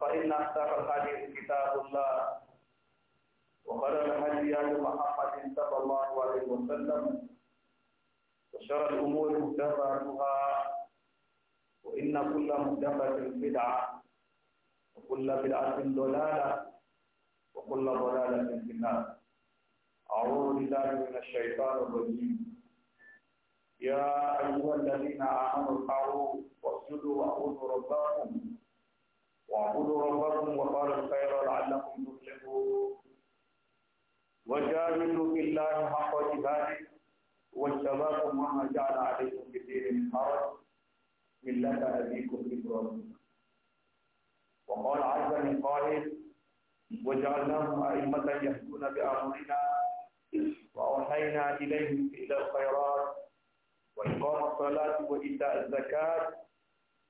فإن أصدق الحديث كتاب الله وخير الهدي هدي محمد صلى الله عليه وسلم وشر الأمور محدثاتها وإن كل محدثة بدعة وكل بدعة ضلالة وكل ضلالة في النار أعوذ بالله من الشيطان الرجيم يا أيها الذين آمنوا اركعوا واسجدوا وأعوذ ربكم واعبدوا ربكم وقالوا الخير لعلكم تفلحون وجاهدوا في الله حق جهاده واجتباكم وما جعل عليكم في الدين من حرج ملة أبيكم إبراهيم وقال عز من قائل وجعلناهم أئمة يهدون بأمرنا وأوحينا إليهم إلى الخيرات وإقام الصلاة وإيتاء الزكاة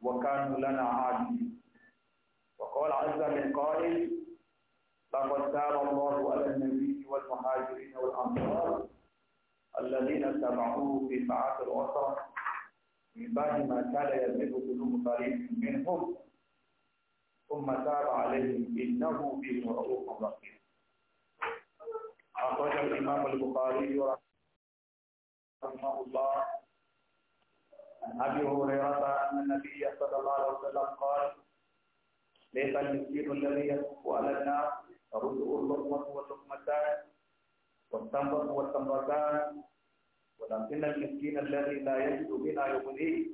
وكانوا لنا عابدين وقال عز من قائل لقد تاب الله على النبي والمهاجرين والأنصار الذين اتبعوه في ساعات الوسط من بعد ما كان يذهب قلوب فريق منهم ثم تاب عليهم إنه بهم رؤوف رحيم أخرج الإمام البخاري رحمه الله عن أبي هريرة أن النبي صلى الله عليه وسلم قال ليس المسكين الذي يصف على النار ترده اللقمة واللقمتان والتمرة والتمرتان ولكن المسكين الذي لا يجد بنا يغنيه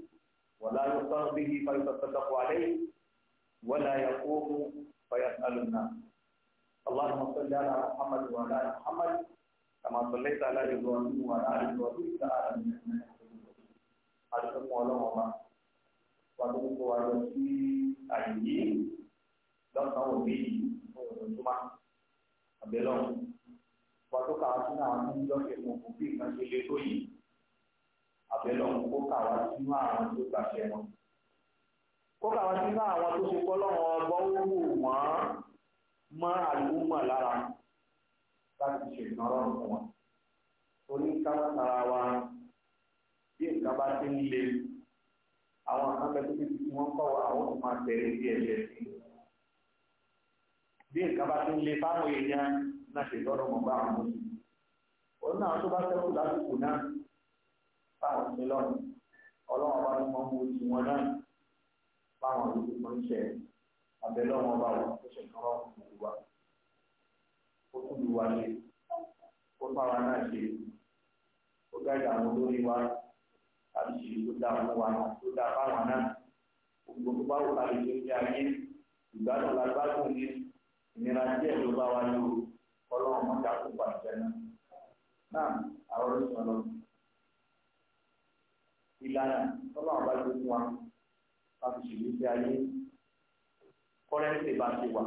ولا يصر به فيتصدق عليه ولا يقوم فيسأل الناس اللهم صل على محمد وعلى آل محمد كما صليت على إبراهيم وعلى آل إبراهيم في العالمين أشكرك اللهم وأتوب إليك lọ́sàn-án òbí òun tó máa àbẹ̀lọ́run wà tó kà wá sínú àwọn tó ń lọ́sẹ̀ fún òbí nǹkan ṣe lé tó yìí àbẹ̀lọ́run kó kà wá sínú àwọn tó gbàṣẹ wọn kó kà wá sínú àwọn tó ṣe kọ́lọ́run ọgbọ́n ó wò wọ́n mọ́ àlùmọ̀ lára láti ṣe ìtànrọ̀rùn fún wọn torí káwọn tara wa bí nǹkan ti ń le àwọn àkàbẹ̀ tó ti fi wọ́n àwọn tó máa tẹ̀lé bí ẹ̀jẹ̀ sí i bí nǹkan bá ti ń le fáwọn èèyàn náà ṣe lọ́rọ̀ mọ́ bá àwọn mọ́tò òun náà tó bá sẹ́kù lásìkò náà fáwọn ṣe lọ́rùn ọlọ́run bá tún mọ́ mú ojú wọn náà fáwọn ìlú tó ń ṣe abẹ́lọ́wọ́n bá wọn tó ṣe kán wọn kò wá ó tún lu wa ṣe ó fáwọn náà ṣe ó gbàgbé àwọn olórí wa àti ṣèlú tó dáa fún wa tó dáa fáwọn náà gbogbo tó bá wù láti ṣe ní ayé ìgbádùn lágbádùn ní ìnira díẹ̀ ló bá wa lò ọlọ́run mọ́ta kó pàṣẹ náà náà àwọn olùsọ lọ. ìlànà ọlọ́run bá lò fún wa a fi ṣèlú sí ayé kọ́rẹ́ńtì bá ti wà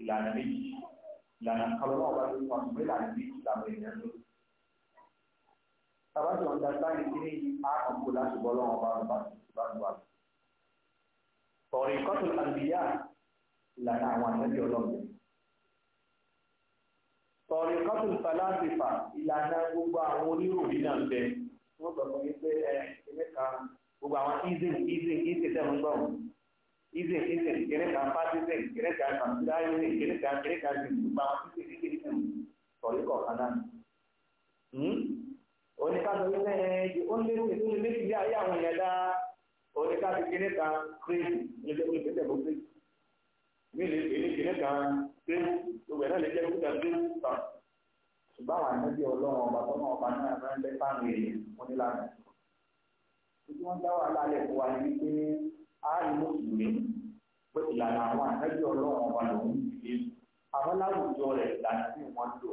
ìlànà méjì ìlànà kan náà bá lò fún wa ṣùgbọ́n ìlànà méjì làwọn èèyàn lò. tàbátì ọ̀dà sáyẹn kí ni àkànkò láti bọ́ lọ́wọ́ bá bá bá wà. ọ̀rẹ́ ìkọ́tù àgbìyà ìlànà àwọn àtẹ́bí ọlọ́run tọ̀rí kọ́tù fàlásìfà ìlànà gbogbo àwọn oníròyìn náà bẹ wọ́n sọ fún mi pé ẹ kìnní kan gbogbo àwọn izin izin izin tẹ̀ ń gbọ́ izin izin kìnní kan partizin kìnní kan kàmsíláyìn kìnní kan kìnní kan zin gbogbo àwọn izin izin izin tọ̀rí kọ̀ọ̀kan náà. oníkàtọ̀ wípé ẹ ó lé ní ilé ìdí ayé àwọn èèyàn dá oníkàtọ̀ kìnní kan kírèsì ní ilé ìdí mí lè kéde kan séwú gbogbo ẹ̀ náà lè jẹ́ kúta séwú kan ṣùgbọ́n àwọn ànábì ọlọ́run ọba tó náà ọba náà máa ń bẹ́ fáwọn èèyàn wọn ní lánàá tí wọ́n dá wàhálà lẹ̀ fún wa ní wípé a ní mùsùlùmí pé ìlànà àwọn ànábì ọlọ́run ọba lòún ti lé àwọn láwùjọ rẹ̀ ìlànà tí wọ́n lò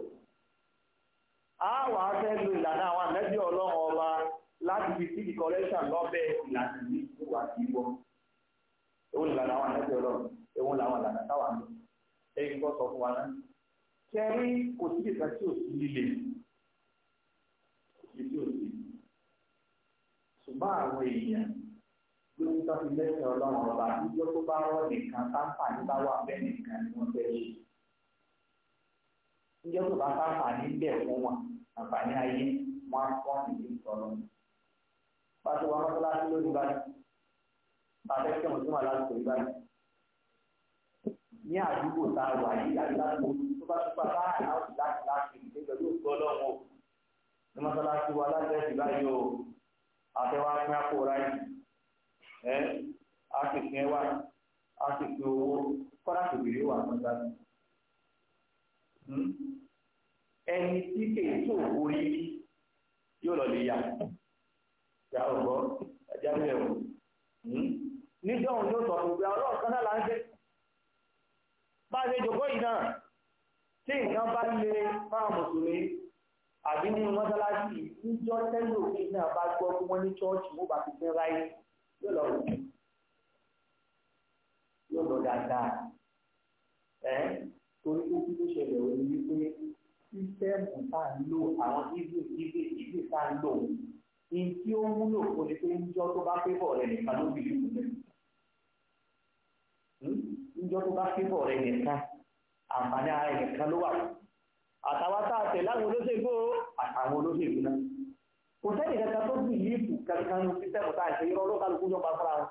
a wà á fẹ́ lo ìlànà àwọn ànábì ọlọ́run ọba láti fi sí ìkọ́lẹ́ṣà lọ́bẹ̀ ìlànà yìí wà sí ìbọn òun ìlànà àwọn ànábì ọlọ́run ewu làwọn ìlànà táwa ń lò ẹ̀yin kọ́ sọ fún wa náà kẹrin kò sí ìka tí ò sí líle kò sí tí ò sí ṣùgbọ́n àwọn èèyàn ló ń tọ́jú lẹ́sẹ̀ ọlọ́run ọba níjọ́ tó bá rọ́ nìkan táǹpà ní bá wà bẹ́ẹ̀ nìkan ni wọ́n fẹ́ ṣe níjọ́ tó bá táǹpà ní fún wọn àǹfààní ayé wọn á fọ́n ìdí ìtọ́lọ́ pàṣẹ wọn mọ́tò láti lórí báyìí bàbá ẹ̀kẹ́ wọn tún wà láti lórí báyìí. ní àdúgbò tá a wà yìí tó bá tó bá bá àláwọ̀ láti láti ìdílé pẹ̀lú òkú ọlọ́run ní mọ́sálásí wa lájẹ́sì báyìí o àtẹwà pín a sì ẹwà a sì owó kọ́lá tó bèrè wà hmm? ẹni tí kèé tó orí yóò lọ lè yà bá ṣe jòkó yìí náà tí nǹkan bá lè máa mùsùlùmí àbí nínú mọ́sálásí níjọ́ tẹ́lẹ̀ òfin náà bá gbọ́ pé wọ́n ní chọ́ọ̀chì wọ́n bá ti fẹ́ ráyé yóò lọ rò yóò lọ dáadáa ẹ́ torí pé kí ló ṣẹlẹ̀ òun ni pé sísẹ́ẹ̀mù tá à ń lò àwọn ìdí ìdí ìdí tá à ń lò ní tí ó múlò kò ìjọ tó bá fíbọ̀ rẹ nìkan àǹfààní ara rẹ nìkan ló wà àtàwọn tá a tẹ̀ láwọn olóṣèlú àtàwọn olóṣèlú náà kò sẹ́ni kankan tó bí yíìpù kankan ní sísẹ́mù tá à ń ṣe irọ́ ló kálukú ló pa fúnra wọn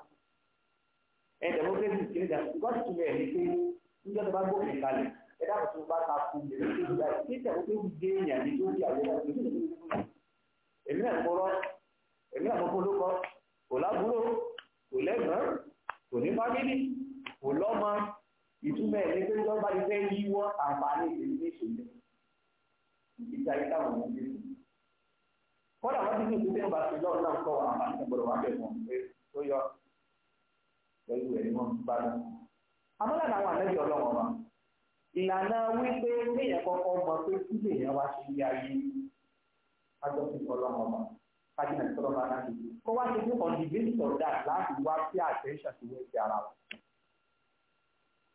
ẹ democracy kiri dà gọ́ọ̀tù tún bẹ̀rẹ̀ ní pé níjọ́ tó bá gbófin kalẹ̀ ẹ dákun tó bá ta kú lè tó ń gé èèyàn ní kò lọ́mọ ìtumọ̀ ẹ̀ ní pé tó bá ti fẹ́ yíwọ́ àǹfààní ìdèmí ní ìṣòlẹ̀ ìdí ayé táwọn ọmọ ń gbé kọ́dà wọ́n ti ní ìdílé ń bá ti lọ́rùn náà kọ́ àǹfààní ìgbọ̀dọ̀ wà bẹ́ẹ̀ mọ́ pé tó yọ pẹ̀lú ẹ̀ ni wọ́n bá lọ. amọ́lá làwọn àlejò ọlọ́wọ́ wa ìlànà wípé léèyàn kọ́kọ́ mọ pé kí léèyàn wá sí ilé ayé kájọ́ sí ọlọ́wọ́ wa kájọ́ sí ọlọ́wọ́ wa láti kó wá ṣe pé on the basis of láti wá sí àtẹ̀ńṣà sí ara wa.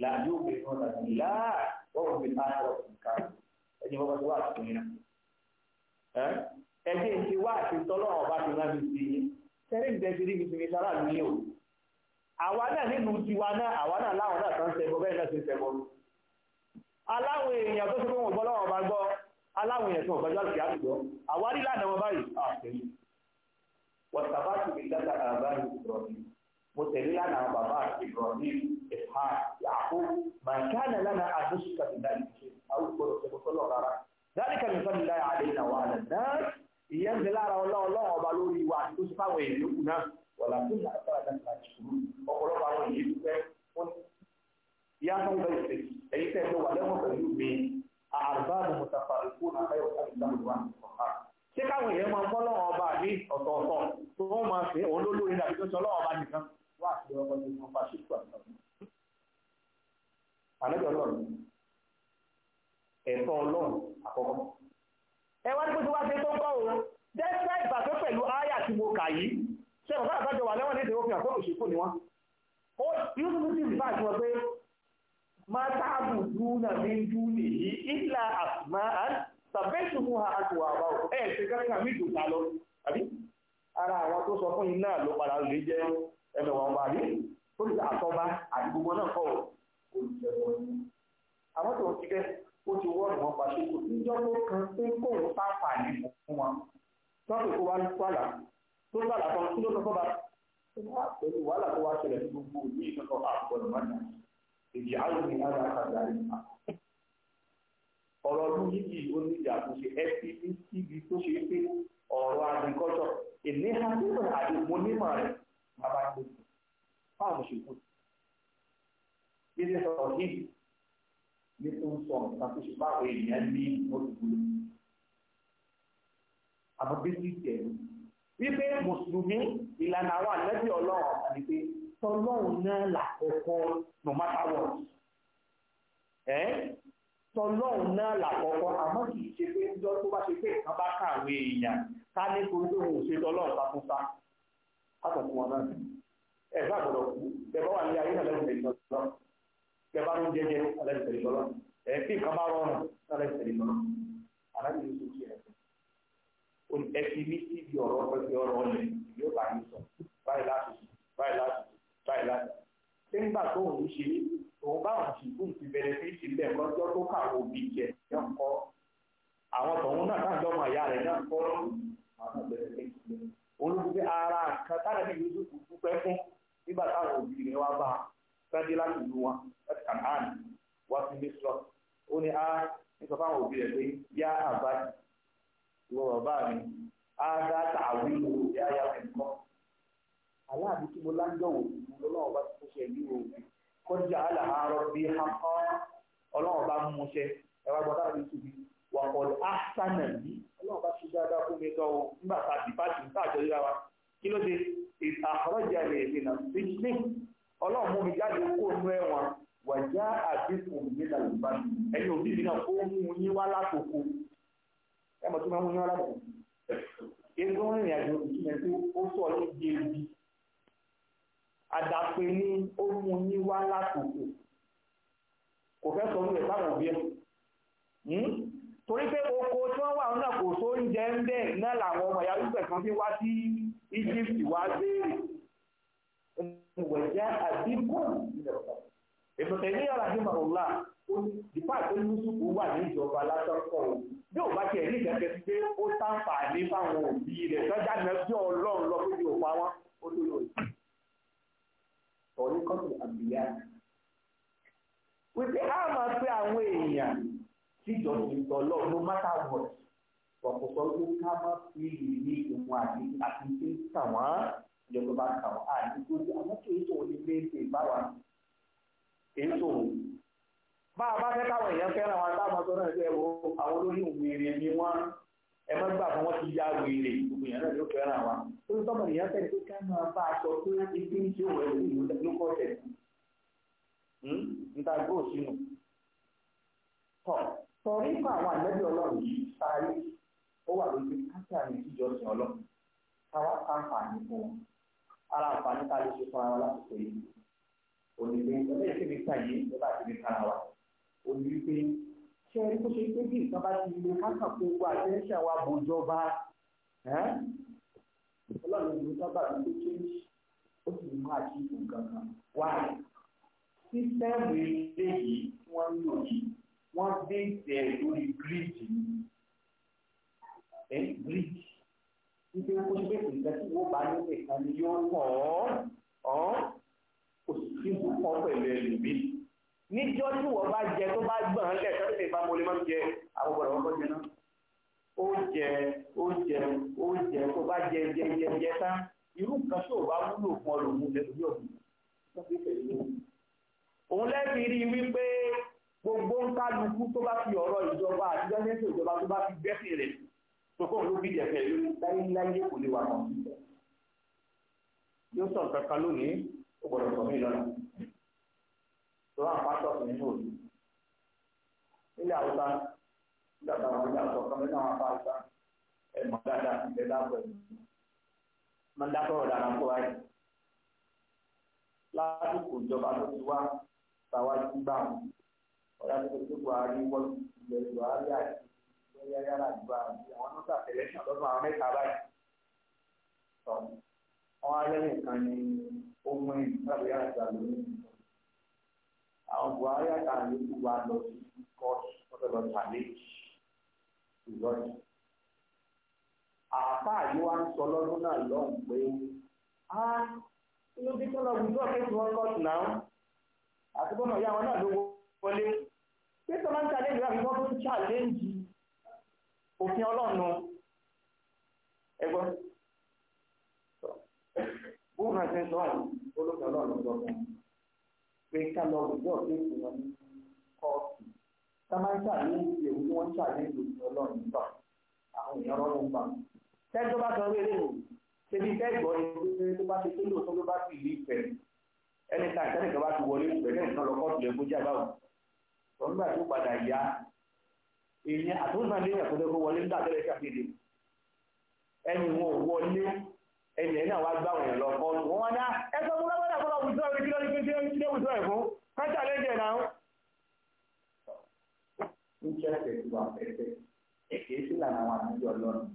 لا يؤمنون بالله وهم بالآخرة هم كافرون ẹni bọ́bá ti wá àtúntò yẹn náà ẹni ti wá àtúntò lọ́wọ́ bá ti láti sí i sẹ́rìn ìdẹ́sí níbi ti fi sára mi o àwa náà nínú tiwa náà àwa náà láwọn náà tán ṣẹbọ bẹ́ẹ̀ náà ṣe ṣẹbọ aláwọn èèyàn tó ṣe fún wọn bọ́lọ́wọ́ bá gbọ́ aláwọn èèyàn tó wọn gbọ́dọ̀ kí á gbọ́ àwárí lánàá wọn báyìí àtẹ̀yìn wọ́n sábà ti fi dáta àbáyé rọ̀ mi mo tẹ̀lé lánàá bàbá àti Ibrahim ẹ̀fà yàkó màkánà lánàá àdóṣùkà ìdánilẹ́ṣẹ́ àwọn ìgbọ̀rọ̀ ṣẹ̀kọ̀tọ́lọ̀ rárá dáríkà nìkan nílá kan mí ìdòkà lọ àbí ara àwọn tó sọ fún yín náà ló padà lè jẹ ẹmẹwàá ọba àbí tó lè àtọba àti gbogbo náà kọ olùjẹwọn ni àwọn tó ń ti bẹ ó ti wọ́ọ̀nù wọn pa ṣe kò níjọ́ tó kan pé kóun sáfà ní fún wọn tọ́pù kó wá ní kwara tó gbàlà kan kí ló sọ fọ́ba pẹ̀lú wàhálà tó wá ṣẹlẹ̀ ní gbogbo ìlú ìtọ́kọ̀ àpọ̀lọpọ̀ èyí àwọn ènìyàn àgbà àgbà ọ̀rọ̀ ọdún yìí ó ní ìjà àtúnṣe fpc ibi tó ṣe pé ọ̀rọ̀ agrikọ́tọ̀ èmi ha nígbà àti onímọ̀ rẹ̀ bàbá tó kù fáwọn òṣèlú bí ṣe sọ̀rọ̀ yìí ní tó ń sọ nǹkan tó ṣe báwo ènìyàn ní olùgbòlò àmọ́ bí ti tẹ̀ wípé mùsùlùmí ìlànà àwọn àlẹ́bí ọlọ́run àti pé tọ́lọ́run náà làkọ́kọ́ no matter what. Eh? tọlọ́run náà làkọ́kọ́ àmọ́ kì í ṣe pé níjọ́ tó bá ṣe pé nǹkan bá kàwé èèyàn ká ní torí pé òun ò ṣe tọlọ́run bá fún sá látọ̀kùn wọn náà ẹ̀ bá gbọ́dọ̀ kú ẹ̀ bá wà ní ayé alẹ́ ìtẹ̀lẹ́ tọ́lọ́ ẹ̀ bá ló ń jẹjẹ alẹ́ ìtẹ̀lẹ́ tọ́lọ́ ẹ̀ fi nǹkan bá rọrùn alẹ́ ìtẹ̀lẹ́ tọ́lọ́ aláàbí ló sọ sí ẹ̀ fi mí síbi ọ̀rọ̀ ọ̀rọ̀ ọ̀lẹ̀ yóò bá yín nígbà tó ń ṣe òun báwọn ṣìkú ti bẹ̀rẹ̀ sí ṣe bẹ́ẹ̀ lọ́jọ́ tó káwọn òbí jẹ náà kọ́ àwọn tọ̀hún náà káàdì ọmọ ìyá rẹ̀ náà kọ́ àwọn bẹ̀rẹ̀ sí ṣe olùdíje ara kan tára ní ìlú dúpẹ́ fún nígbà táwọn òbí rẹ̀ wá bá sáńdé láti lu wọn láti kànáàn wá sí mísọ ó ní a nípa fáwọn òbí rẹ̀ pé yá àbá ìwọ bàbá mi á dá tààwí ìyá yá fẹ́ kọ́ aláàbí tí mo láńdọ̀wò lọ́wọ́ bá ti fúnṣẹ́ ìlú o kọjá aláàárọ̀ bíi hankọ́ ọlọ́wọ́ bá mú ṣe ẹwà gbọ́dá mi tù mí wà pọ̀ áṣánà yìí ọlọ́wọ́ bá ṣe dáadáa fún mi gan o nígbà tá a ti bá ti ń tà jọ yíra wa kí ló dé àkọ́rọ́jà rẹ̀ lè nà sílẹ̀ ọlọ́wọ́ mú mi jáde kó nú ẹ̀wọ̀n wàjá àdínkù mi nà ẹ̀yin òbí mi náà ó mú yín wá látòkò ẹ̀ àdàpè ni ó mú yín wá látòkò kò fẹ́ sọ fún ẹ̀ báwọn òbí ẹ̀ hmm? torí pé oko tí wọ́n wà náà kò sóúnjẹ ń bẹ̀ náà làwọn ọmọ ìyá rúbẹ̀ kan fi wá sí Egypt wá béèrè ìwẹ̀jẹ́ àdínkù ìbùkẹ́ ní ọ̀rọ̀ àdínmọ̀ọ́lá dìpáàtì olùsùkú wà ní ìjọba látọ́kọ̀ yóò bá tiẹ̀ ní ìgbẹ́kẹ̀ sí pé ó sáǹfà ní fáwọn òbí rẹ̀ tọ́jà náà bí ọlọ́run lọ òpá wọn ó tó lóyún ọ̀rí kọ́tù àbíyá wípé a máa pé àwọn èèyàn tíjọ ìtọ̀ lọ no matter what ọ̀pọ̀pọ̀ ló ká má fi ìrírí ìwọ̀n àti àti tí ń tà wọ́n ìjọba bá tà wọ́n àti tó ti àwọn kì í sòwò ní léèdè báwa kì í sòwò bá a bá fẹ́ káwọn èèyàn fẹ́ràn wọn táwọn sọ náà ṣe wo àwọn olórí òmìnir ni wọ́n ẹ má gbà fún wọn ti yá wèrè gbogbo yẹn náà ló fẹ́ràn wa ó ní tọ́mọ nìyẹn fẹ́ẹ́ tó ká máa bá a sọ pé ibi ń ṣe òun ẹ̀rọ ìlú ló kọ́ tẹ̀ hmm? níta gbó sínú tọ̀ sọ̀rí fún àwọn àlẹ́bí ọlọ́run yìí sáyé ó wà lójú káṣí àmì ìjọ sin ọlọ́run káwá káǹfààní fún wọn ara àǹfààní ká lè ṣe fún ara lásìkò yìí òní pé ẹgbẹ́ ìṣèlú ṣe ẹni kó ṣe pé bí nǹkan bá ti lè kákà gbogbo àtẹ́ńṣà wa bò jọba ọlọ́run ìlú sábà ní ló ṣe ó sì mú àṣìkò kankan wá sísẹ́ẹ̀mù ilé yìí wọ́n ń lò yìí wọ́n dé ìtẹ̀ lórí gírídì ẹ̀ gírídì nítorí kó ṣe pé kò ní kí wọ́n bá nílẹ̀ kan yóò pọ̀ ọ́ kò sì fi ń pẹ̀lú ẹlòmíì níjọ́ tí wọ́n bá jẹ tó bá gbọ̀n lẹ̀ tó sì bá mo lè má jẹ àwọn ọ̀rọ̀ ọkọ̀ jẹ náà ó jẹ ó jẹ ó jẹ tó bá jẹ jẹ jẹ jẹ tán irú nǹkan tí ò bá wúlò fún ọlọ́run lẹ́tọ́jú ọ̀gbìn òun lẹ́bi rí wípé gbogbo ń kálukú tó bá fi ọ̀rọ̀ ìjọba àti gẹ́gẹ́sì ìjọba tó bá fi gbẹ́sìn rẹ̀ tókòrò ló bí jẹ̀fẹ̀ lórí láyéláyé kò lè wà mọ́ yóò sọ nǹkan kan lónìí tó wà pásọ̀tù nínú òní nílẹ̀ àwùjá nígbà táwọn ọmọdé àtọ̀ kan nínú àwọn afáàlùfà ẹ̀ mọ̀ dáadáa ìgbẹ́ dáàbò ẹ̀ mọ̀ dákọ̀rọ̀ dára kó wáyé lásìkò ìjọba tó ti wá tàwa ti gbà wọn ọ̀dà tó ti Buhari wọ́n ti ilẹ̀ Buhari àti ìgbẹ́yà yàrá ìgbà àti àwọn nọ́tà tẹ̀lẹ́sàn lọ́dún àwọn mẹ́ta báyìí tọ́ wọn á lẹ́yìn kan ní ohun ìgbàgbé Ọ buhari àtàwọn yòókù wa lọ sí kọ́ọ̀tù wọ́n fẹ́ lọ challenge ìlọrin. àáfàá yìí wá ń sọ lọ́dún náà lọ́hùn pé á ah, kí ló dé tó lọ gbùdúrà kéèkì wọn kọ́ọ̀tù náà àti wọn challenge pé ká lọ rògbò ọ̀dọ́ èkó wọn ní kóòtù sámáńtà ní ìwé tí wọ́n ń ṣàlẹ́ ìlòsìn ọlọ́run nígbà àwọn èèyàn rọ́lọ́ ń gbà. tẹ́jọ́ bá sọ wẹ́rẹ́ o ṣebí fẹ́ gbọ́ ni tó bá ṣe tó lóòótọ́ ló bá sì rí ìfẹ́ ẹni tá ìtẹ́nìkan bá ti wọlé ìfẹ́ náà nǹkan lọ kóòtù lẹ́kọ́ jẹ́ àbáwò. ọ̀nùgbà tó padà yá èèyàn àtúntàn lé ẹ̀kọ́ tó wọlé nígbà tẹ́lẹ̀ ṣàfihàn ẹni wọn ò wọlé ẹni ẹ̀ náà wá gbá wọn lọ kọ́ wọn wá dá ah, ẹsọ fún lágbádà fún láwùjọ ìjọ ìjọ ìjọ ìfún kájà lẹ́jẹ̀ náà. ń jẹ́ pẹ̀lú afẹ́fẹ́ èké sí lànà àwọn àmì ọlọ́run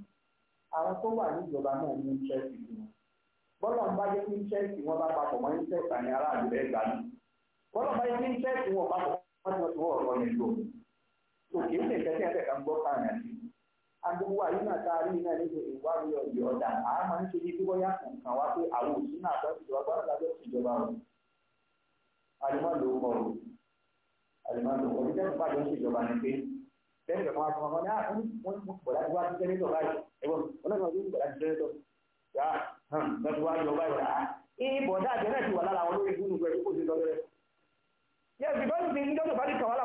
àwọn tó wà níjọba náà ní chẹ́ẹ̀sì wọn bọ́lá ń bá jẹ́ ní chẹ́ẹ̀sì wọn bá papọ̀ mọ́ ní chẹ́ẹ̀sì aráàlú rẹ̀ gbà bọ́lá ń bá jẹ́ ní agbogbo àyè náà tá a rí iná nígbà ìwádìí ọ̀dì ọ̀dà àmọ́ nítorí pé bóyá nǹkan wá pé àwọn òsín náà tó ìjọba gbọ́dọ̀ lábẹ́ ìjọba rẹ̀ àlùmọ́ ló kọ rò àlùmọ́ ló bá jọ ń ṣèjọba ni pé tẹ́sán kan wá fún ọmọ náà ah, wọ́n mú bọ̀dá tí wá ti tẹ́lẹ̀ lọ báyìí ẹ̀wọ̀n ọlọ́run ọdún bọ̀dá ti tẹ́lẹ̀ lọ yá hàn lọ́dún wá lọ báyìí rà ah, á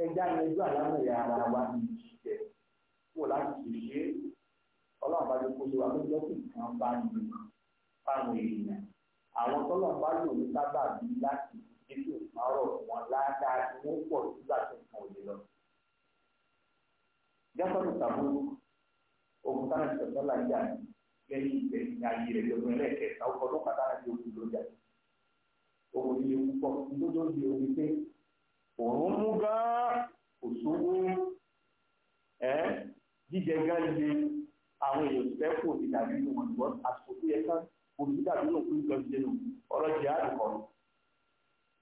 ẹja yanjú àlámọ̀ ìyá ara wa ní ìṣiṣẹ́ wò láti ṣiṣẹ́ ọlọ́run bá yóò kó ṣe wà lójọ́ kí nǹkan bá ní fáwọn èèyàn àwọn tọ́lọ́run bá lò ní sábà bí láti ṣe kí òṣùpá ọ̀rọ̀ wọn ládàá tí wọ́n pọ̀ nígbà tó kàn òye lọ. jẹ́sọ̀tù tàbí ogun tánà ti sọ̀tọ́ là ń jà ní lẹ́yìn ìgbẹ́ ní ayé rẹ̀ lọ́gbọ̀n ẹlẹ́kẹ̀ẹ́ta ọkọ̀ ló pàtàkì àti ogun ló jà ogun ilé púpọ̀ nítorí omi pé òun mú gan jíjẹ gán lé àwọn èèyàn sẹ́kù òbí dàbí inú wọn ṣùgbọ́n àsìkò tó yẹ ká òbí dàbí inú òkú lọ sí inú ọ̀rọ̀ jẹ́ àdìkọ́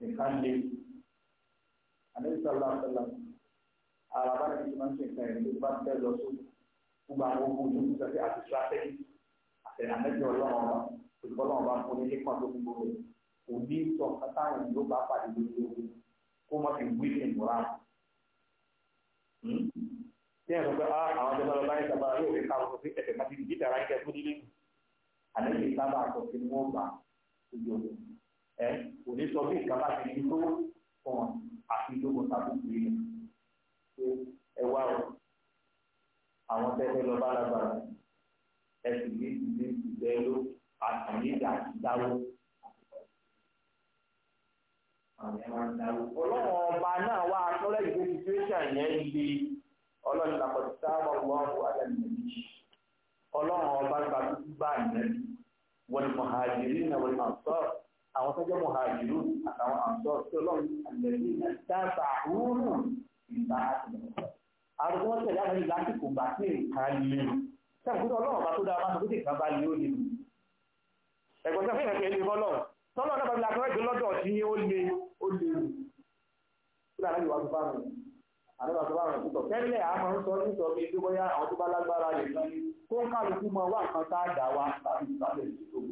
nìkan lé àdéhùsọ́lá sọ́lá ara bá ti máa ń ṣe nǹkan ìrìn tó bá fẹ́ lọ sí gbogbo àwọn ogun tó ń sọ pé àti strategy àtẹnàmẹ́jọ ọlọ́run ọba òṣùpọ̀ ọlọ́run ọba fún ilé kan tó ń gbogbo òbí sọ kátàrún ló bá pàdé lórí ogun kó mọ́ fi wí ìmúra. Hmm? tí ẹ̀rọ pé ah, àwọn ọjọ́ lọ́rọ̀ báyìí sábà yóò fi káwọn sí ẹ̀sẹ̀ máa ti di jíjà ráńkẹ́ fún nílé àlejò sábà sọ sí wọn gbà ojú ọdún ẹ kò ní sọ bí ìkàbá ti ní tó fún wọn àti ìdókòó tàbí ìrìn pé ẹ wá o àwọn tẹ́tẹ́ lọ bá lágbára ẹ sì ní ìdílé ìgbẹ́ ló àtàlẹ́jà àti àwọn ẹ̀ máa ń dáwó ọlọ́wọ́n ọba náà wá atọ́lẹ́yìn tó ti tó ṣàyẹn le ọlọ́run làkọ̀ sábà wọ́n wọ àdàlùmí ọlọ́run ọba gba tuntun bá àyẹ̀lẹ́ wọ́n ni mọ̀hàjìrí náà wọ́n ni àǹsọ́ àwọn tó jẹ́ mọ̀hàjìrú àtàwọn àǹsọ́ tí ọlọ́run àyẹ̀lẹ́ náà dábà húrù ìgbà àtìmọ̀ àrùn wọn tẹ̀lé àwọn ìlà àsìkò gbà sí nǹkan lé sẹ́kùn ọlọ́run ọba tó dáa máa sọ pé nǹkan bá lé ó lè ẹ̀gbọ́n sẹ́kùn ìrẹ̀kẹ́ ilé fọ́lọ́ tọ́lọ́ náà bá fi làkọ́ ẹ̀jọ́ lọ́dọ̀ tí ó lé ó lè rù àdúgbò tó bá rẹ̀ púpọ̀ tẹ́lẹ̀ a máa ń sọ ní sọ bí tó bóyá àwọn tó bá lágbára lè lọ kó ń kálukú mọ wá nǹkan tá a dà wá tàbí ìbálẹ̀ ìṣòro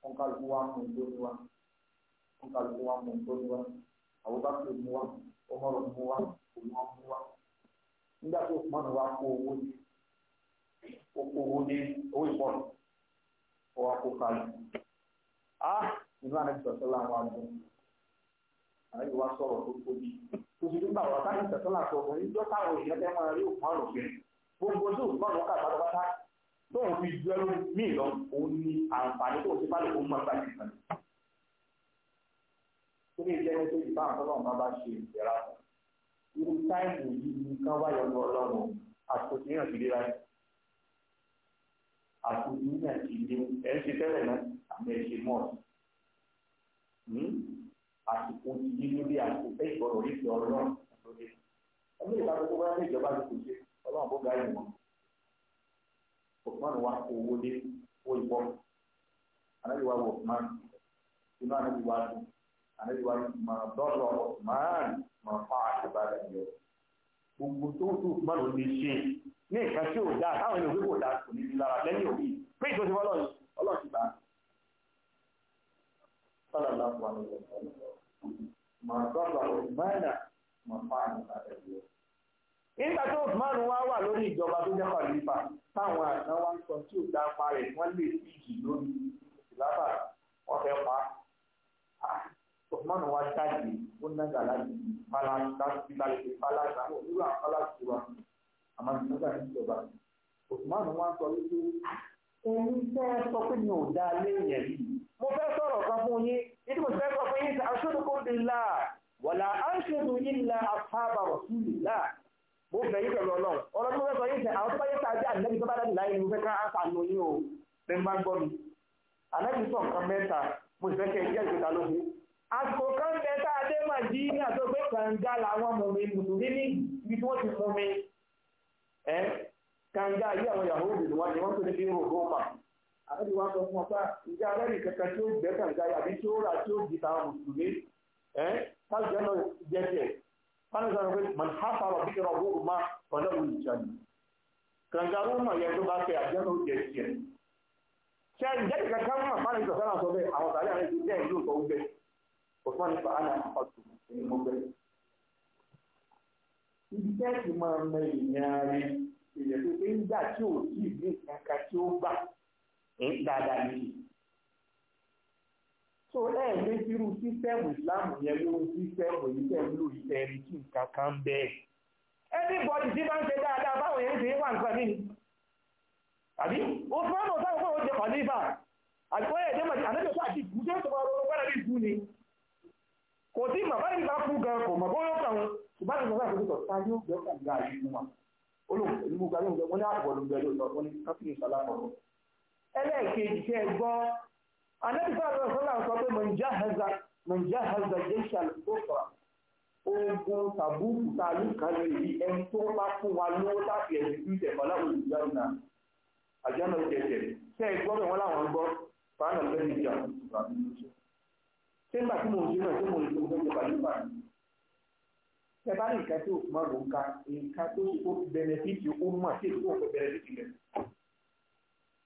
kó ń kálukú wá mú un tó ní wá kó ń kálukú wá mú un tó ní wá àwọn bá pè mú wá ọmọrò mú wá òmùwà mú wá nígbà tó kùmọ̀ ní wá kó owó ní kó owó ní owó ìbọ̀lù ó wá kó kalẹ̀ á ah! ìlú àná ìṣọ̀tọ́ làwọn àgbọn àná ìwà sọ̀rọ̀ tó kó yìí oṣù tó gbà wá sáyẹn ìtẹ̀sọ́là sọ fún yín dọ́tà àwọn èèyàn tẹ́ máa rí òkú àrùn òfin gbogbo tó nǹkan ló kà pátápátá tóun fi ju ẹrú míì lọ òun ni àǹfààní tóun ti bá lè fún mọ́tà yìí kan. tó ní ìjẹ́ ní tóbi báwọn tọ́lọ́ máa bá ṣe ìjẹ́ra irú táìmù yìí ni kán wáyọ̀ lọ ọlọ́run àtòkù yàn ti dé láyé àtòkù yàn ti dé ẹ̀ ń ṣe tẹ́lẹ̀ náà àmì ẹ̀ ṣe mọ́ọ̀tì hmm? àsìkò ti yí lórí àsìkò fẹ́ ìgbọràn orí fi ọlọ́run lórí ẹgbẹ́ ìbára tó bá ní ìjọba ti kò ṣe ọlọ́run bó ga ẹ̀ wọ́n òkúmọ́nù wa kó owó lé owó ìbọn anáyíwá wọ òkúmọ́nù inú anáyíwá dùn anáyíwá máa dọ́rọ̀ òkúmọ́nù máa fa àṣìbá rẹ̀ yọ gbogbo tó tó òkúmọ́nù lè ṣe ní ìka tí ò dáa táwọn ènìyàn gbogbo dáa kò ní í lára lẹ́yìn òbí pé ìtòsí ọlọ́run ọlọ́run ti bá a màtọ́gbà òmánà màfáàní àtẹ̀yẹ. nígbà tó Usman wá wà lórí ìjọba tó jẹ́ kọ̀lífà táwọn àná wá ń sọ tí ò dá pa rẹ̀ wọ́n lè fi jì lórí ìlàbà wọ́n fẹ́ pa Usman wá jáde ó ná gàlá ní pálásá ìbálẹ̀ pálásá onírú àwọn pálásá wa àmọ́ ìjọba ìjọba Usman wá sọ wípé ẹni tẹ́ sọ pé mi ò dá lé yẹn yìí mo fẹ́ sọ̀rọ̀ kan fún yín. àwọn yahoo ni wọ́n ni wọ́n tó ní bí rògbòmà àbẹ́bí wọn sọ fún ọpá ìjà alẹ́rìí kankan tí ó gbẹ́ kàǹgá àbí tí ó rà tí ó di tàwọn mùsùlùmí ẹ́ káàdì jẹ́ lọ jẹ́ jẹ́ kánú sọ pé mọ̀n hápá wà bíkẹ́ rọ̀bù ọ̀ma ọ̀dọ́ òun ìjànì kàǹgá rúmọ̀ yẹn tó bá fẹ́ àjẹ́ lọ jẹ́ jẹ́ ṣe ìjẹ́ kankan mọ̀ fáwọn ìjọ sọ́nà sọ bẹ́ẹ̀ àwọn tàbí àwọn ìjọ ń mẹ ìyẹn ìyẹn tó pé ńgbà tí ò tí ì ní nǹkan tí ó hmm? so ẹ lé irú sísẹ́mù ìsìláàmù yẹn ló ń sísẹ́mù yìí tẹ̀ ń nǹkan kan bẹ́ẹ̀. everybody ti máa ń ṣe dáadáa báwọn yẹn ń ṣe wà nǹkan mìíràn. àbí osman kò sí gan kò mọ̀ bóyá ó kàn olùmú gbàgbé ìjọba ní àpò olùgbé lóòótọ́ wọn ni káfíń ìsàlá kọ̀ọ̀kan. ẹlẹ́ẹ̀kejì tẹ́ ẹ gbọ́ anábìsá àlọ́ sọ́lá sọ pé mọ̀njáhàzà mọ̀njáhàzà jẹ́ṣà lóòótọ́ ogun tàbúkù tá a ní kan lè rí ẹni tó bá fún wa lówó láti ẹ̀sìn fún ìtẹ̀kọ́ láwọn olùjọ́ ìnà àjọyọ̀ jẹjẹ tẹ́ ẹ gbọ́ bẹ̀ wọ́n láwọn gbọ́ fàánà lẹ́yìn ìjà ṣé nígbà tí mo ń ṣe náà tí mo ń ṣe mo fẹ́ tẹ bá ní nǹkan tí o máa lò ń ka nǹkan tó o bẹnẹfìtì o mọ̀ sí èdè tó o bẹnẹfìtì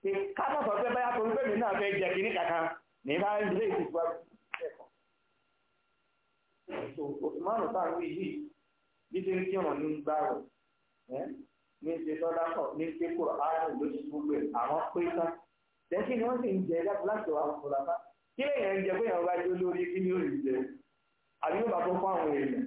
rẹ̀. kábọ̀ sọ pé báyà torí pé mi náà fẹ́ jẹ kínní kankan ní bá ń lé ìdìbò ẹ̀kọ́. òṣùmọ́nù táwọn yìí bí ṣe ń kí ọ̀nà ní gbà rẹ̀ ní ṣe tọ́lá kọ̀ ní ṣe kò ààrùn lójú gbogbo ẹ̀ àwọn pé tán. lẹ́kìn ni wọ́n sì ń jẹ láti wà fúnra bá kí lè yẹn jẹ pé yẹn bá jó lórí kí ni ó lè jẹ àbí yóò bá tó fún àwọn èèyàn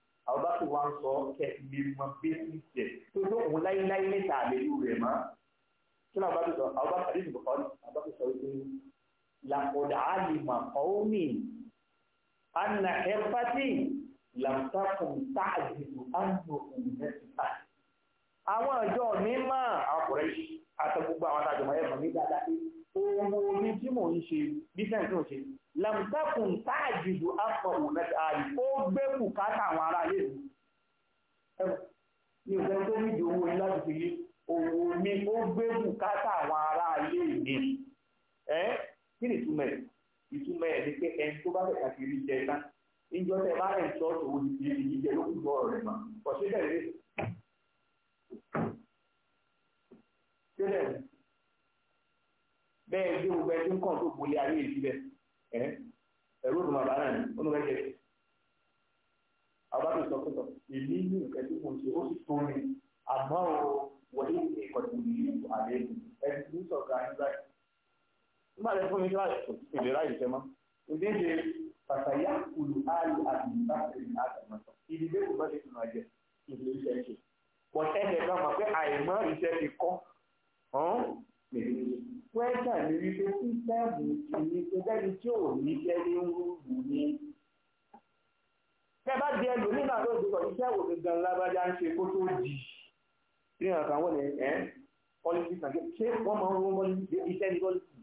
àwọn bá tó wá ń sọ kẹfì lè mọ bísí jẹ tó tó òun láíláí níta àlejò rẹ mọ kí ni àwọn bá tó sọ àwọn bá tó àdéhùn kọ àwọn bá tó sọ wípé làkọdà àlìmọ ọwọmì àna ẹfátì làǹtàkùn táàdìbò àǹdò òǹdẹ́sìtà àwọn ọjọ́ mi máa àwọn àwọn àtàjọmọ ẹ̀fọn mi dáadáa ohun omi tí mò ń ṣe business náà ṣe lamtakun táàjìdù afọ òmẹta ààyè ó gbé bùkátà àwọn ará ilé mi ní ọ̀sẹ̀ tó nídìí owó yín láti fi yí ohun omi ó gbé bùkátà àwọn ará ilé mi ẹ kí ni ìtumọ̀ ẹ̀ ìtumọ̀ ẹ̀ ni pé ẹni tó bá bẹ̀rẹ̀ àti jẹ iná ìjọ tẹ bá rẹ̀ ń sọ ọ́ tòun ló kù bọ́ ọ̀rọ̀ mọ́ kọ̀ sí bẹ̀rẹ̀ bẹ́ẹ̀ gbé gbogbo ẹjọ́ kàn tó gbolé ayé yìí síbẹ̀ ẹ̀rọ òdùnmọ̀ àbára ni ó ló fẹ́ jẹ àbábí sọkútọ̀ èmi ní nǹkan tí mo ṣe ó sì tó mi àmọ́ o wọlé ní ìkọ̀tí mi ní ìlú àlẹ́ ẹni tí ń sọ̀rọ̀ ayé báyìí nígbà tí fún mi láì sọ ìlera ìṣẹ́ mọ́ òdéjì pàtàyà kùlù àlù àbí bákìrì àtàmọ́tọ̀ ìdílé kò bá ṣe tún máa jẹ ìdílé iṣẹ́ ṣe bọ̀tẹ́ẹ̀dẹ̀ náà mọ̀ pé àìmọ́ iṣẹ́ ti kọ́ pẹ́ẹ́sà ni wípé sísẹ́ẹ̀mù kìíní tó dẹ́ni tí ò ní jẹ́rí ń rú ní. Bẹ́ẹ̀ bá di ẹlòmíì náà ló dùkọ̀ iṣẹ́ wo gangan lábájá ń ṣe kó tó jì. Ní ọ̀kan wọ́n ní ẹ́ pọ́lísì kan ṣé wọ́n máa ń wọ́n pọ́lísì iṣẹ́ ní pọ́lísì.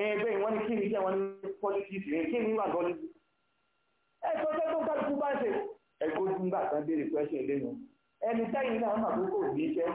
Ẹ bẹ́ẹ̀ wọ́n ní kí ni iṣẹ́ wọn ní pọ́lísì sí kí ni wà pọ́lísì. Ẹ sọ pé tó kálukú bá ṣe. Ẹ̀kọ́ tún gbà kan béèrè pẹ́ṣẹ̀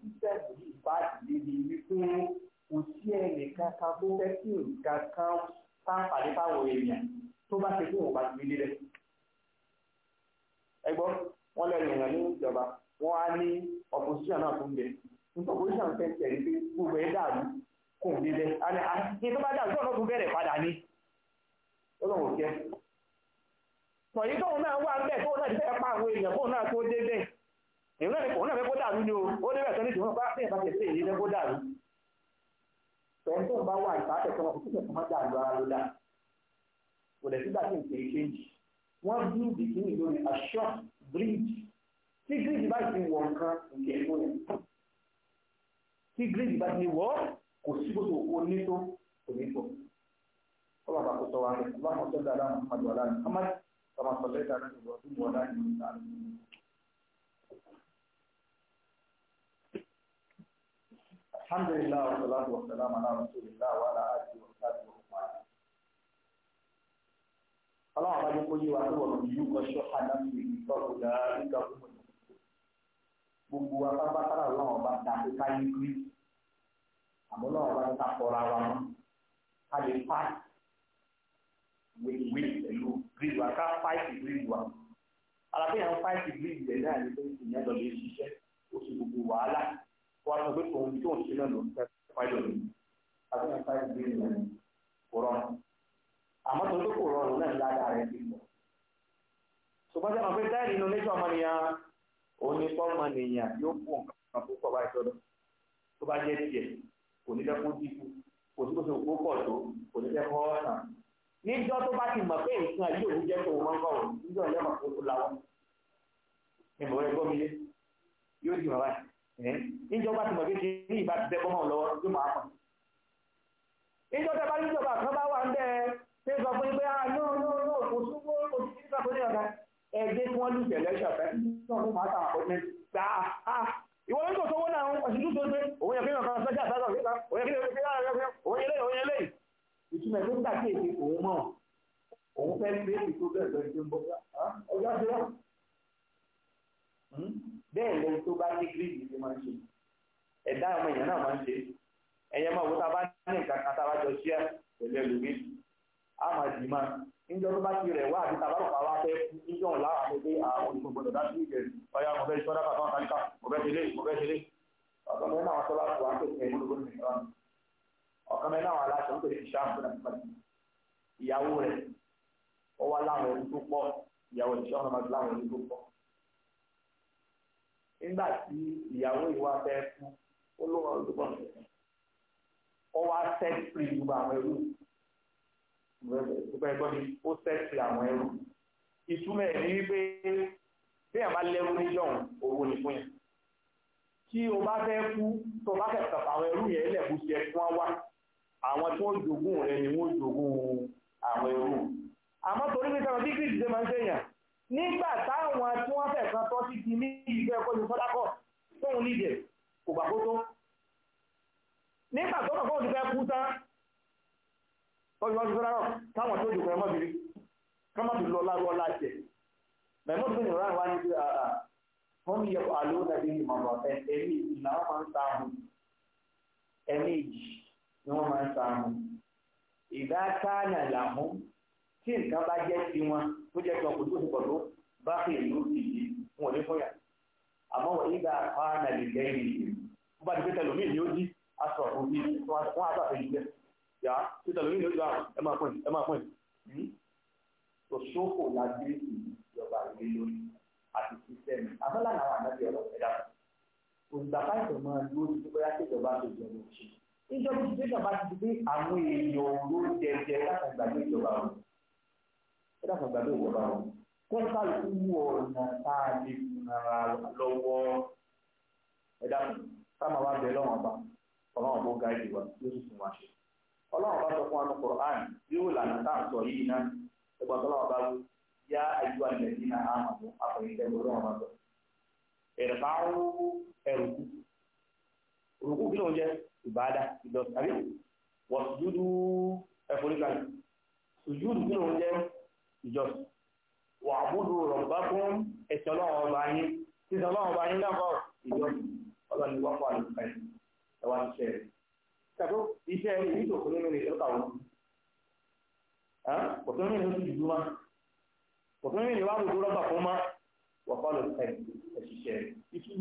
sísẹ́ẹ̀mù yìí bá ìdílé wípé kò sí ẹnì kankan tó fẹ́ kí nǹkan kan sáǹfààní fáwọn èèyàn tó bá ṣe fún òǹkà ìdílé rẹ̀. ẹ gbọ́ wọ́n lẹ́nu èèyàn ní ìjọba wọ́n á ní opposition náà tó ń bẹ nípa opposition fẹ́ tẹ̀ ní pé gbogbo ẹ̀ dàrú kò ń délé àti àti tó bá dàrú tó ọ̀nà tó bẹ̀rẹ̀ padà ní ó lọ́wọ́ jẹ́. sọ̀yí tóun náà wà ń bẹ̀ tóun náà ti fẹ́ pa àwọn èèyàn tóun náà tó dé bẹ́ẹ̀ èmi náà òun náà fẹ́ kó dàrú ni o ó débẹ̀ sẹ́ni tí wọ́n bá fẹ́ẹ̀ bá tẹ̀ sí èyí lẹ́kó dàrú pẹ̀lú tó ń bá wà ìta àtẹ̀kọ́ wọn kò tó tẹ̀kọ́ má dàrú ara ló dà kò dẹ̀ sígbà tí n kèé kéjì wọ́n bí bìkínì lórí a short bridge tí gírídì bá ti wọ̀ nǹkan nkè é lónìí tí gírídì bá ti wọ̀ kò sí kó tó kó ní tó kò ní tó ọba àpapọ̀ sọ wa rẹ̀ ọba àpapọ̀ sọ dáadáa Muhammadu aláàbí Muhammadu ọba àpapọ̀ sọ dáadáa Muhammadu aláàbí alhamdulillah wa salatu wa salam ala rasulillah wa ala alihi wa sahbihi wa sallam. ọlọ́run bá ní kó yé wa tó wọ̀n yìí kọ́ ṣọ́ha náà fi ìtọ́jú dáa nígbà gbogbo gbogbo apápátá ọlọ́run bá ta pé káyé gírí àmọ́ ọlọ́run bá ta fọ́ra wa mọ́ ká lè pa wíwí pẹ̀lú gírí wa ká fáìtì gírí wa alábẹ́yàn fáìtì gírí yẹn náà ní pé ìyẹn lọ lè ṣiṣẹ́ ó sì gbogbo wàhálà wọ́n á sọ pé òun tó ń ṣe náà ló ń fẹ́ fáyọ̀ ní àbúrò fáyọ̀ ní ìlú kò rọrùn àmọ́ tó tó kò rọrùn náà ládàá rẹ̀ ti pọ̀ ṣùgbọ́n sẹ́wọ̀n pé dáìrì inú lẹ́jọ́ ọmọnìyàn òun ni fọ́ọ̀mọnìyàn yóò kó nǹkan púpọ̀ báyìí sọ́dọ̀ tó bá jẹ́ tiẹ̀ kò ní lẹ́kún dínkù kò ní kó ṣe òkú pọ̀ tó kò ní lẹ́kọ́ ọ̀nà níjọ́ tó bá ti mọ̀ pé nǹkan yìí òun níjọba ti mọ̀ pé kí ní ìbá ti tẹ́kọ́ mọ̀ lọ́wọ́ yóò máa mọ̀. níjọba bá níjọba kan bá wà ń bẹ́ ẹ ṣé sọ fún pé ah no no no kò tún kó kò tún nígbà tó ní ọ̀gá ẹgbẹ́ tí wọ́n lùjẹ̀ lẹ́ṣọ̀ fẹ́ náà ló máa tàn àpọ̀tẹ́ gbà á ìwọ ló ń tòṣówó náà ọ̀sìn tó tóṣe òun yẹ kí nǹkan sọ́jà sọ́jà òun yẹ kí nǹkan sọ́jà òun yẹ lé òun yẹ lé ìtumọ̀ tó ń gbà kí èdè òun mọ̀ òun fẹ́ lé èdè tó bẹ̀rẹ̀ lórí tó ń bọ̀ ọjọ́ àti bẹ́ẹ̀ lẹ́yìn tó bá ní gírídì ló máa ń ṣe ẹ̀dá ọmọ èèyàn náà máa ń ṣe ẹ̀yẹ máa wo tá a bá ní nǹkan kan tá a bá jọ ṣíà pẹ̀lú ẹlòmíì á máa dì máa níjọ́ tó bá ti rẹ̀ wá àbí tá a bá rò pa wá fẹ́ níjọ́ láwọn àgbègbè àwọn ìgbò gbọdọ̀ dá sí ìjẹ́ ọ̀yà mo fẹ́ ṣọ́ dábàá kan kálíkà mo fẹ́ ṣe lé mo fẹ́ ṣe lé ọ̀kan mẹ́rin náà láwọn nígbà tí ìyàwó ìwà fẹ́ fún ó ló wọn ló bọ̀ ọ wá sẹ́ẹ̀tì gbogbo àwọn ẹrú gbogbo ẹgbọ́n mi ó sẹ́ẹ̀tì àwọn ẹrú ìtumọ̀ ẹ̀ ní wípé téèyàn bá lẹ́rú níjọ́ òun ni fún yẹn tí o bá fẹ́ kú tó bá fẹ́ tàpá àwọn ẹrú yẹn lẹ̀ kú sí ẹ fún wa àwọn tí wọ́n jogún rẹ ni wọ́n jogún àwọn ẹrú àmọ́ torí pé sábà bí kìrìsì ṣe máa ń ṣèyàn nígbà táwọn tí wọ́n fẹ̀sán tọ́ sí ti ní ìgbẹ́ ẹ̀kọ́ ní sọ́dákọ̀ tóun nídìí kò gbà kó tó nígbà tó náà fóun ti fẹ́ kú tán tọ́jú wọn ti fẹ́ rárọ̀ táwọn tó dùkọ̀ ẹ̀mọ́ bìrì ká má fi lọ lárú ọlá jẹ mẹ́mọ́ tó ní ìrọ̀rùn wá ní pé wọ́n ní yẹ̀kọ́ àlọ́ nàbí ní màmá ẹ̀mí ìlà wọn máa ń ta àmú ẹ̀mí ìjì ni wọ́n máa ń ta àmú ìdá káànà làmú tí nǹkan bá jẹ́ tiwọn ó jẹ́ jọ kòtò ìpọ̀ tó bá fi ìlú ìdí fún òní fún àmọ́ wọ́n yíga fáànà lè jẹ́ ìrìn tó bá ti pé tẹlomi ni ó jí aṣọ òbí wọn á bàfẹ́ jíjẹ yà tí tẹlomi ni ó jí àrùn ẹ máa pọ̀ ẹ máa pọ̀ tó hmm? ṣókò la gbé ìjọba ìlú lórí àti sísẹ́mi àbálànà àwọn àdájọ́ ọ̀rọ̀ ẹ̀dá òǹgbà káìsàn máa dúró sí bóyá tí ìjọba tó jẹ ló ṣe ìjọba ìjọba ti di pé àwọn èèyàn ló jẹjẹ látàgbà ní ìjọba wọn ẹ̀dá kan gbàgbé ìjọba wọn kó kálukú wú ọ̀nà tá a lè fún ara lọ́wọ́ ẹ̀dá táwọn bá bẹ lọ́wọ́n bá ọlọ́wọ́n bó ga ìdìbò yóò sì fún wa ṣe ọlọ́wọ́n bá sọ fún anú Qur'an yóò lànà tá à ń sọ yìí náà ẹgbà tọ́lọ́wọ́n bá wú yá àyù àlẹ́ yìí náà á mọ̀ àfẹ̀yìntẹ́ ọlọ́wọ́n bá sọ ẹ̀rọ̀bá ń rú ẹ̀rùkú òrùkú kí ló ń ìjọsìn wà búdú rọ̀gbá fún ẹ̀sìn ọlọ́run ọba yín sísọ ọlọ́run ọba yín lábọ̀ ìjọsìn ọlọ́run ni wọ́pọ̀ àlùkà ẹ̀ ẹ̀wà iṣẹ́ rẹ̀ ṣàtó iṣẹ́ rẹ̀ yìí tòkó nínú ilé lọ́kà wọn kò tó nínú oṣù ìdúmá kò tó nínú ìwà àwùjọ rọ́gbà fún má bá ti ṣe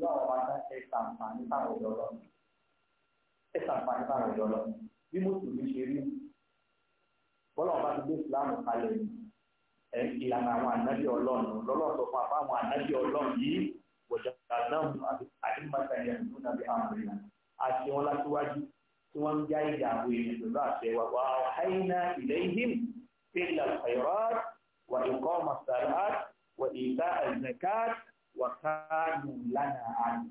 náà ọba ná ẹ̀ sàǹfààní táwọn lọ ẹ̀ sàǹfààní táwọn lọ bí mo sì rí ṣe rí bọ́lá ọba ti gbé ìsìláàmù kalẹ̀ ìlànà àwọn ànábì ọlọ́run lọ́lọ́sọ fún apá àwọn ànábì ọlọ́run yìí wọ̀jà náà àti mọ́tàlẹ́ ẹ̀dùn nàbí àmàlẹ́ àti wọn látíwájú tí wọ́n ń já ìjà àwọn èèyàn pẹ̀lú àṣẹ wa wà á háyínà ilẹ̀ ihim fílà khairat wà ìkọ́ masalat wà ìta azakat wà káàdù lánà àmì.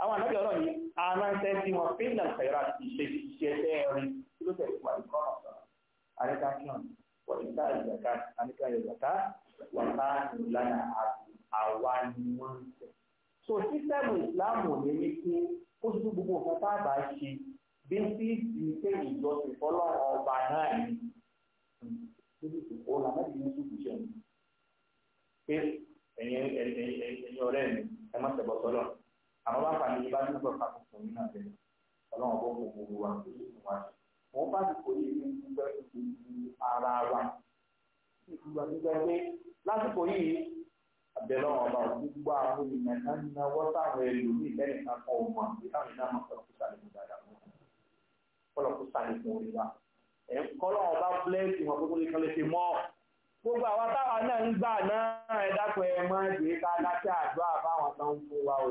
àwọn ànábì ọlọ́run yìí aránṣẹ́ tí wọ́n fílà khairat ìṣe ìṣe ẹ̀rin ló tẹ̀lé wà ìkọ́ àríkà kíọ̀n wọ́n ti ká ìgbàká àríkà ìgbàká wọ́n bá ìlànà àwa ni wọ́n ń tẹ̀. so sísẹ́mù ìsìláàmù ní ní pé ó tún gbogbo nǹkan tá a bá ṣe bí sí ti pé ìjọsìn fọlọ́run ọba náà ni ó là láti ní sùkúù ṣe ni pé ẹ̀yin ọ̀rẹ́ mi ẹ má tẹ̀bọ̀ sọ́lọ̀ àmọ́ bá fàmì yìí bá ní sọ̀rọ̀ pàtó fún mi náà bẹ̀rẹ̀ ọlọ́run ọgbọ́n kò gbogbo wa kò sí fún wa ṣe wọ́n bá ti kò ní ibi gbígbẹ́ ìdí ara wa ìgbàgbọ́ pé lásìkò yìí àbẹ̀lọ́ ọba gbogbo àwọn ènìyàn kan ní ọwọ́ táwọn ẹlòmíì lẹ́yìn kan kọ́ ọmọ àti táwọn ìdá máa kọ́ ọkùnrin sàlẹ̀ dáadáa wọn kọ́lọ̀ kó sàlẹ̀ orí wa ẹ̀ ń kọ́lọ̀ ọba bílẹ̀sì wọn gbogbo nìkan lè fi mọ́ gbogbo àwọn táwa náà ń gbà náà ẹ dákun ẹ mọ ẹgbẹ ká láti àdúrà fáwọn tó ń fún wa o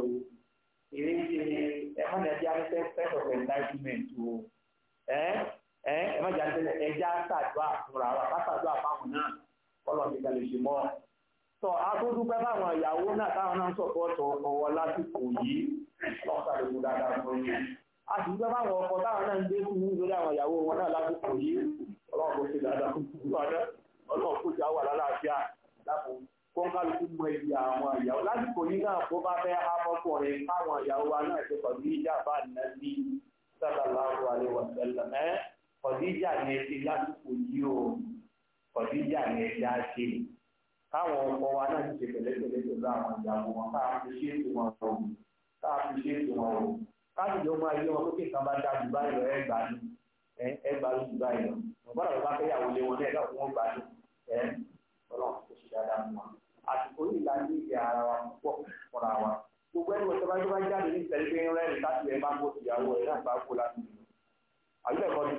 èrè tẹ́lẹ̀ ẹja ṣàdúrà fúnra wa ká ṣàdúrà fáwọn náà kọ́lọ̀ mi kẹlẹ̀ ṣe mọ́. sọ àtúndúpẹ́ fáwọn ìyàwó náà táwọn náà sọ̀tọ̀ ọ̀tọ̀ ọwọ́ lásìkò yìí lọ́sàdókò dáadáa fún mi. a sì dúpẹ́ fáwọn ọkọ táwọn náà ń gbé fún lórí àwọn ìyàwó wọn náà lásìkò yìí ọlọ́run ṣe dáadáa fún mi ọlọ́run kò já wà lálàáfíà lápò mọ ibi àwọn ìyàwó lásìkò yìí náà bó bá fẹ́ hábọ́kùnrin káwọn ìyàwó kọ̀díjà ni ẹ ti lásìkò yìí o kọ̀díjà ni ẹ já ṣe káwọn ọkọ wa náà ti ṣe pẹ̀lẹ́pẹ̀lẹ́ pẹ̀lú àwọn ìyàwó wọn ká fi ṣe ètò wọn o ká fi ṣe ètò wọn o káàdì ọmọ ayé wọn lókè kan bá dá Dubai lọ ẹgbàá ní ẹgbàá ló Dubai lọ ọgbọ́n àwọn bá fẹ́yàwó lé wọn lẹ́ẹ̀dá fún gbà ní ẹ Ọlọ́run tó ṣe dáadáa fún wa àsìkò yìí la ní ìdí ara wa púpọ̀ fúnra wa gbogbo ẹni wọ́n tọ́ba jáde ní ìtẹ́lẹ́gbẹ́ rẹ́ẹ̀rì láti ẹ̀ máa ń bọ̀ ìyàwó ẹ̀ náà bá kó láti nù àyùbẹ̀kọ́ ni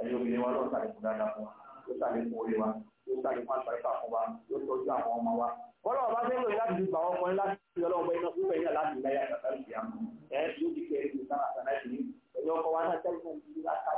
ẹ̀yin obìnrin wa lọ́ọ́ sàlékún dáadáa fún wa yóò sàlékún orí wa yóò sàlékún àgbàríkà fún wa yóò tọ́jú àwọn ọmọ wa. bọ́lá ọba fẹ́ lòye láti gbà ọmọ yín láti fi ọlọ́ọ̀bọ iná fún ẹ̀yìn láti láyà